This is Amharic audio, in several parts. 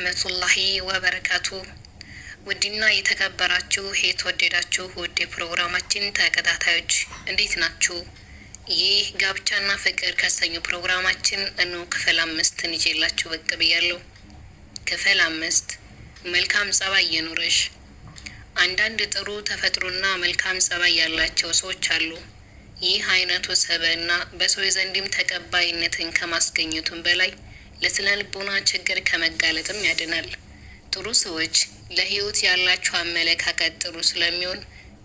ወረህመቱላሂ ወበረካቱ ውድና የተከበራችሁ የተወደዳችሁ ውድ ፕሮግራማችን ተከታታዮች እንዴት ናችሁ? ይህ ጋብቻና ፍቅር ከሰኙ ፕሮግራማችን እኑ ክፍል አምስትን ይዤላችሁ ብቅ ብያለሁ። ክፍል አምስት መልካም ጸባይ የኑርሽ። አንዳንድ ጥሩ ተፈጥሮና መልካም ጸባይ ያላቸው ሰዎች አሉ። ይህ አይነቱ ሰበና በሰው ዘንድም ተቀባይነትን ከማስገኘቱም በላይ ለስነ ልቦና ችግር ከመጋለጥም ያድናል። ጥሩ ሰዎች ለህይወት ያላቸው አመለካከት ጥሩ ስለሚሆን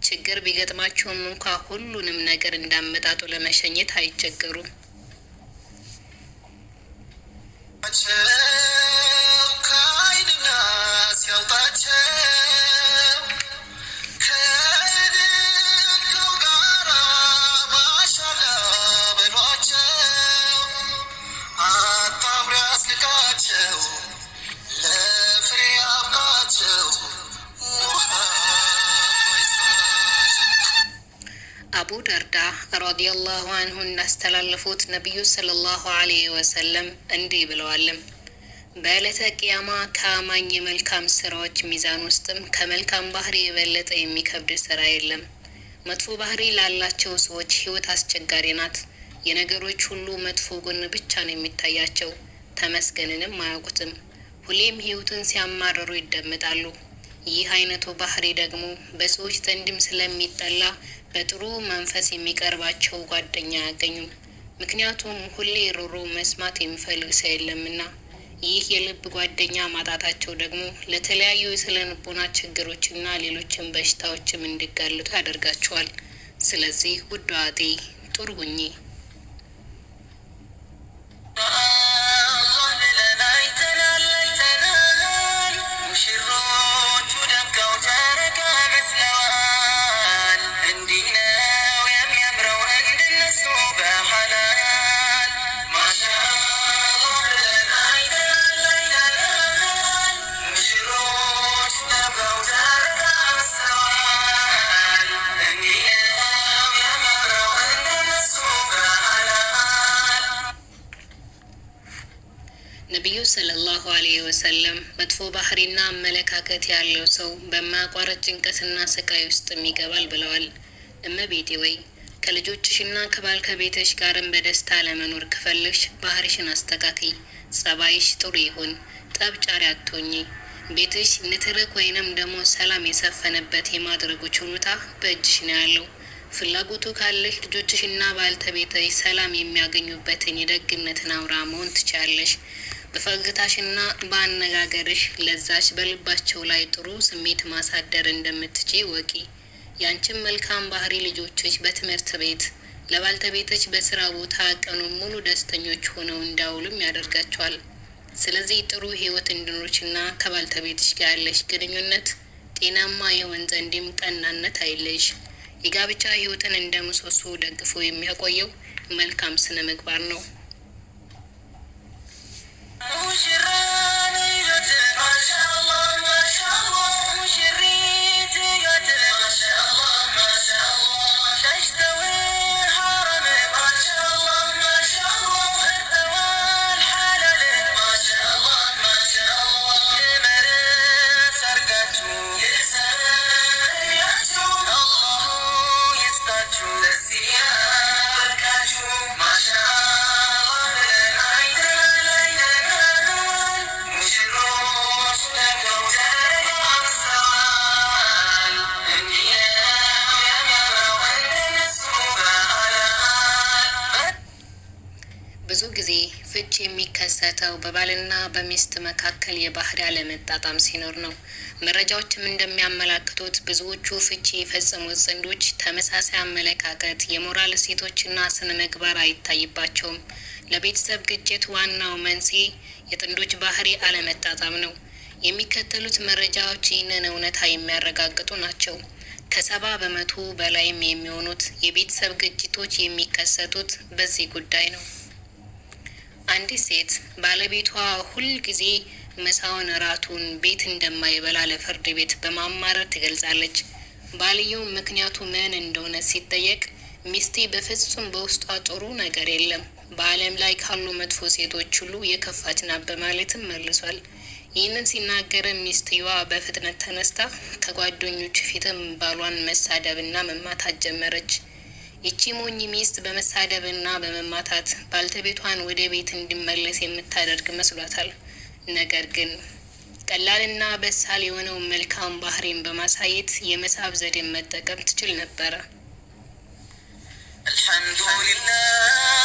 ችግር ቢገጥማቸውም እንኳ ሁሉንም ነገር እንዳመጣጡ ለመሸኘት አይቸገሩም። እንዳስተላለፉት ነቢዩ ሰለላሁ አለይሂ ወሰለም እንዲህ ብለዋልም በዕለተ ቅያማ ከአማኝ የመልካም ስራዎች ሚዛን ውስጥም ከመልካም ባህሪ የበለጠ የሚከብድ ስራ የለም። መጥፎ ባህሪ ላላቸው ሰዎች ህይወት አስቸጋሪ ናት። የነገሮች ሁሉ መጥፎ ጎን ብቻ ነው የሚታያቸው፣ ተመስገንንም አያውቁትም። ሁሌም ህይወትን ሲያማረሩ ይደመጣሉ። ይህ አይነቱ ባህሪ ደግሞ በሰዎች ዘንድም ስለሚጠላ በጥሩ መንፈስ የሚቀርባቸው ጓደኛ አያገኙም። ምክንያቱም ሁሌ ሮሮ መስማት የሚፈልግ ሰው የለምና። ይህ የልብ ጓደኛ ማጣታቸው ደግሞ ለተለያዩ የስነ ልቦና ችግሮችና ሌሎችን በሽታዎችም እንዲጋለጡ ያደርጋቸዋል። ስለዚህ ውድ አጤ ጥሩ ሁኚ። ሰለላሁ አለይሂ ወሰለም መጥፎ ባህሪና አመለካከት ያለው ሰው በማያቋረጥ ጭንቀትና ስቃይ ውስጥም ይገባል ብለዋል። እመቤቴ ወይ ከልጆችሽና ከባል ከቤተሽ ጋርም በደስታ ለመኖር ክፈልሽ ባህሪሽን አስተካክይ። ጸባይሽ ጥሩ ይሁን። ጠብ ጫሪ አትሆኚ። ቤትሽ ንትርክ ወይንም ደግሞ ሰላም የሰፈነበት የማድረጉ ችሎታ በእጅሽ ነው ያለው። ፍላጎቱ ካለሽ ልጆችሽና ባልተቤተሽ ሰላም የሚያገኙበትን የደግነትን አውራ መሆን ትችያለሽ። በፈገግታሽና በአነጋገርሽ ለዛች በልባቸው ላይ ጥሩ ስሜት ማሳደር እንደምትጪ ወቂ። ያንቺን መልካም ባህሪ ልጆችሽ በትምህርት ቤት ለባልተቤቶች በስራ ቦታ ቀኑን ሙሉ ደስተኞች ሆነው እንዳውሉም ያደርጋቸዋል። ስለዚህ ጥሩ ህይወት እንድኖርችና ከባልተቤትሽ ጋር ያለሽ ግንኙነት ጤናማ የሆን ዘንድም ቀናነት አይለሽ። የጋብቻ ህይወትን እንደ ምሰሶ ደግፎ የሚያቆየው መልካም ስነ ምግባር ነው። የሚከሰተው በባልና በሚስት መካከል የባህሪ አለመጣጣም ሲኖር ነው። መረጃዎችም እንደሚያመላክቱት ብዙዎቹ ፍቺ የፈጸሙት ጥንዶች ተመሳሳይ አመለካከት፣ የሞራል እሴቶችና ስነ ምግባር አይታይባቸውም። ለቤተሰብ ግጭት ዋናው መንስኤ የጥንዶች ባህሪ አለመጣጣም ነው። የሚከተሉት መረጃዎች ይህንን እውነታ የሚያረጋግጡ ናቸው። ከሰባ በመቶ በላይም የሚሆኑት የቤተሰብ ግጭቶች የሚከሰቱት በዚህ ጉዳይ ነው። አንዲት ሴት ባለቤቷ ሁል ጊዜ ምሳውን እራቱን ቤት እንደማይበላ ለፍርድ ቤት በማማረር ትገልጻለች። ባልየው ምክንያቱ ምን እንደሆነ ሲጠየቅ ሚስቴ በፍጹም በውስጧ ጥሩ ነገር የለም፣ በዓለም ላይ ካሉ መጥፎ ሴቶች ሁሉ የከፋች ናት በማለትም መልሷል። ይህንን ሲናገር ሚስትየዋ በፍጥነት ተነስታ ከጓደኞቹ ፊትም ባሏን መሳደብና መማታት ጀመረች። ይቺ ሞኝ ሚስት በመሳደብና በመማታት ባልተቤቷን ወደ ቤት እንዲመለስ የምታደርግ መስሏታል። ነገር ግን ቀላልና በሳል የሆነው መልካም ባህሪን በማሳየት የመሳብ ዘዴን መጠቀም ትችል ነበረ። አልሐምዱሊላህ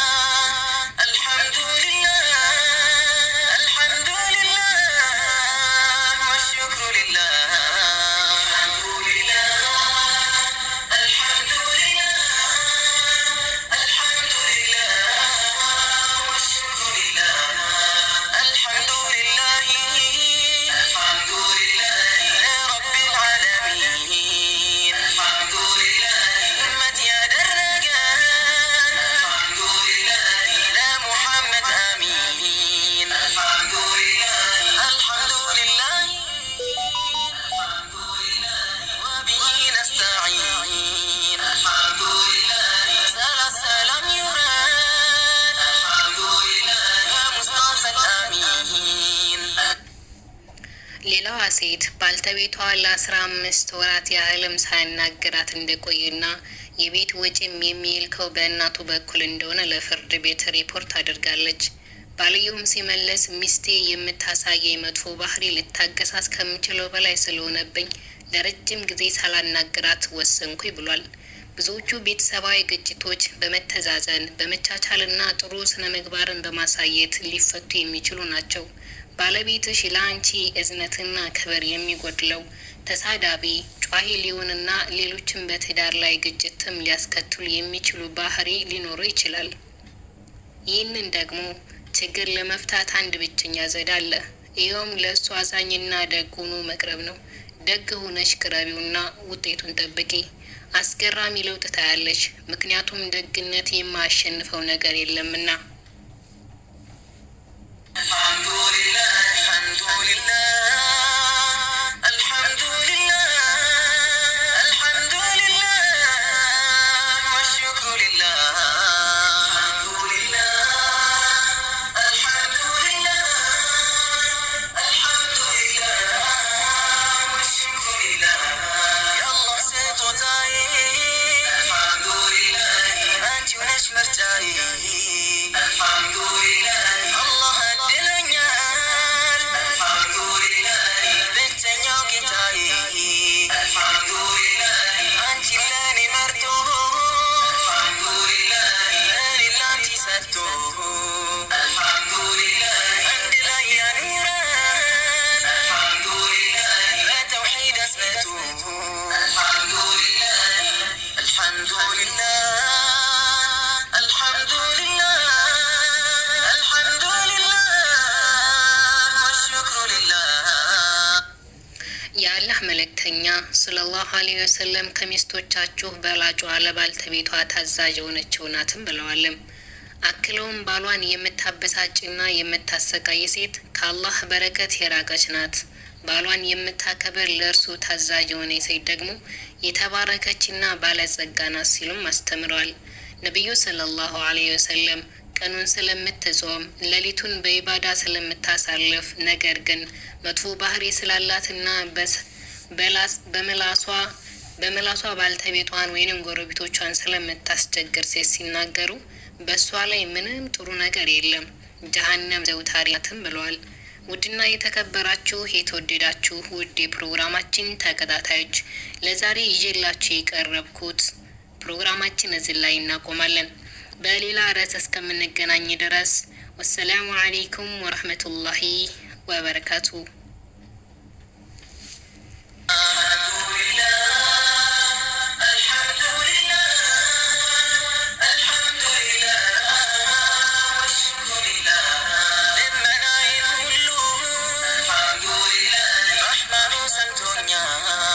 ሌላዋ ሴት ባልተቤቷ ለአስራ አምስት ወራት ያህልም ሳያናገራት እንደቆየና የቤት ወጪም የሚልከው በእናቱ በኩል እንደሆነ ለፍርድ ቤት ሪፖርት አድርጋለች። ባልየውም ሲመለስ ሚስቴ የምታሳየኝ መጥፎ ባህሪ ልታገሳስ ከምችለው በላይ ስለሆነብኝ ለረጅም ጊዜ ሳላናገራት ወሰንኩኝ ብሏል። ብዙዎቹ ቤተሰባዊ ግጭቶች በመተዛዘን በመቻቻልና ጥሩ ስነ ምግባርን በማሳየት ሊፈቱ የሚችሉ ናቸው። ባለቤትሽ ለአንቺ እዝነትና ክብር የሚጎድለው ተሳዳቢ፣ ጯሂ ሊሆንና ሌሎችን በትዳር ላይ ግጭትም ሊያስከትሉ የሚችሉ ባህሪ ሊኖሩ ይችላል። ይህንን ደግሞ ችግር ለመፍታት አንድ ብቸኛ ዘዴ አለ። ይኸውም ለእሱ አዛኝና ደግ ሆኖ መቅረብ ነው። ደግ ሆነሽ ቅረቢውና ውጤቱን ጠብቂ። አስገራሚ ለውጥ ታያለሽ። ምክንያቱም ደግነት የማያሸንፈው ነገር የለምና። listeners መልእክተኛ ሰለላሁ አለይሂ ወሰለም ከሚስቶቻችሁ በላጯ ለባልተቤቷ ታዛዥ የሆነችው ናትም ብለዋልም። አክለውም ባሏን የምታበሳጭና የምታሰቃይ ሴት ከአላህ በረከት የራቀች ናት። ባሏን የምታከብር ለእርሱ ታዛዥ የሆነ ሴት ደግሞ የተባረከችና ባለጸጋ ናት ሲሉም አስተምረዋል። ነቢዩ ሰለላሁ አለይሂ ወሰለም ቀኑን ስለምትጾም ሌሊቱን በኢባዳ ስለምታሳልፍ ነገር ግን መጥፎ ባህሪ ስላላትና በስ በምላሷ በምላሷ ባልተቤቷን ወይንም ጎረቤቶቿን ስለምታስቸግር ሴት ሲናገሩ በእሷ ላይ ምንም ጥሩ ነገር የለም፣ ጀሀነም ዘውታሪያትም ብለዋል። ውድና የተከበራችሁ የተወደዳችሁ ውድ የፕሮግራማችን ተከታታዮች ለዛሬ ይዤላችሁ የቀረብኩት ፕሮግራማችን እዚህ ላይ እናቆማለን። በሌላ ርዕስ እስከምንገናኝ ድረስ ወሰላሙ አሌይኩም ወረህመቱላሂ ወበረካቱሁ። 啊。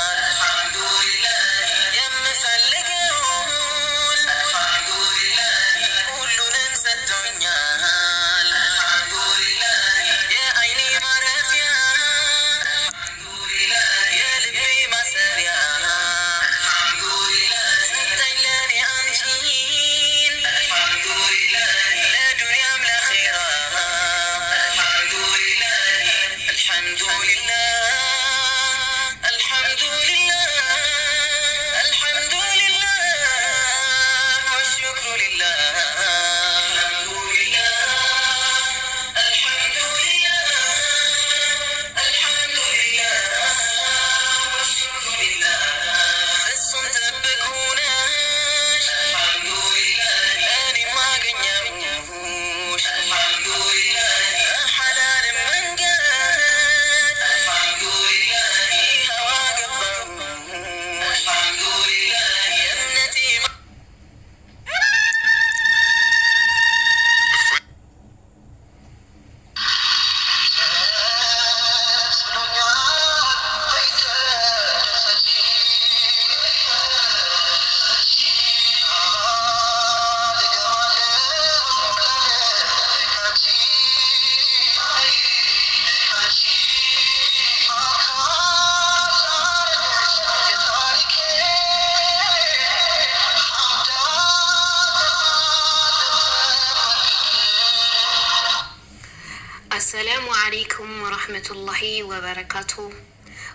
አሰላሙ አሌይኩም ወራህመቱላሂ ወበረካቱ።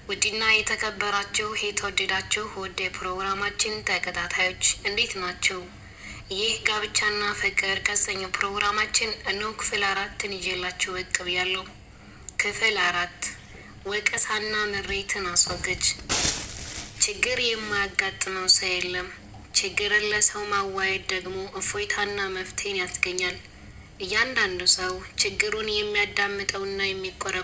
ውድና የተከበራችሁ የተወደዳችሁ ወደ ፕሮግራማችን ተከታታዮች እንዴት ናቸው! ይህ ጋብቻና ፍቅር ከሰኞ ፕሮግራማችን እኖ ክፍል አራትን ይዤላችሁ እቅብ ያለው ክፍል አራት ወቀሳና ምሬትን አስወገጅ ችግር የማያጋጥመው ሰው የለም። ችግርን ለሰው ማዋየድ ደግሞ እፎይታና መፍትሄን ያስገኛል። እያንዳንዱ ሰው ችግሩን የሚያዳምጠውና የሚቆረ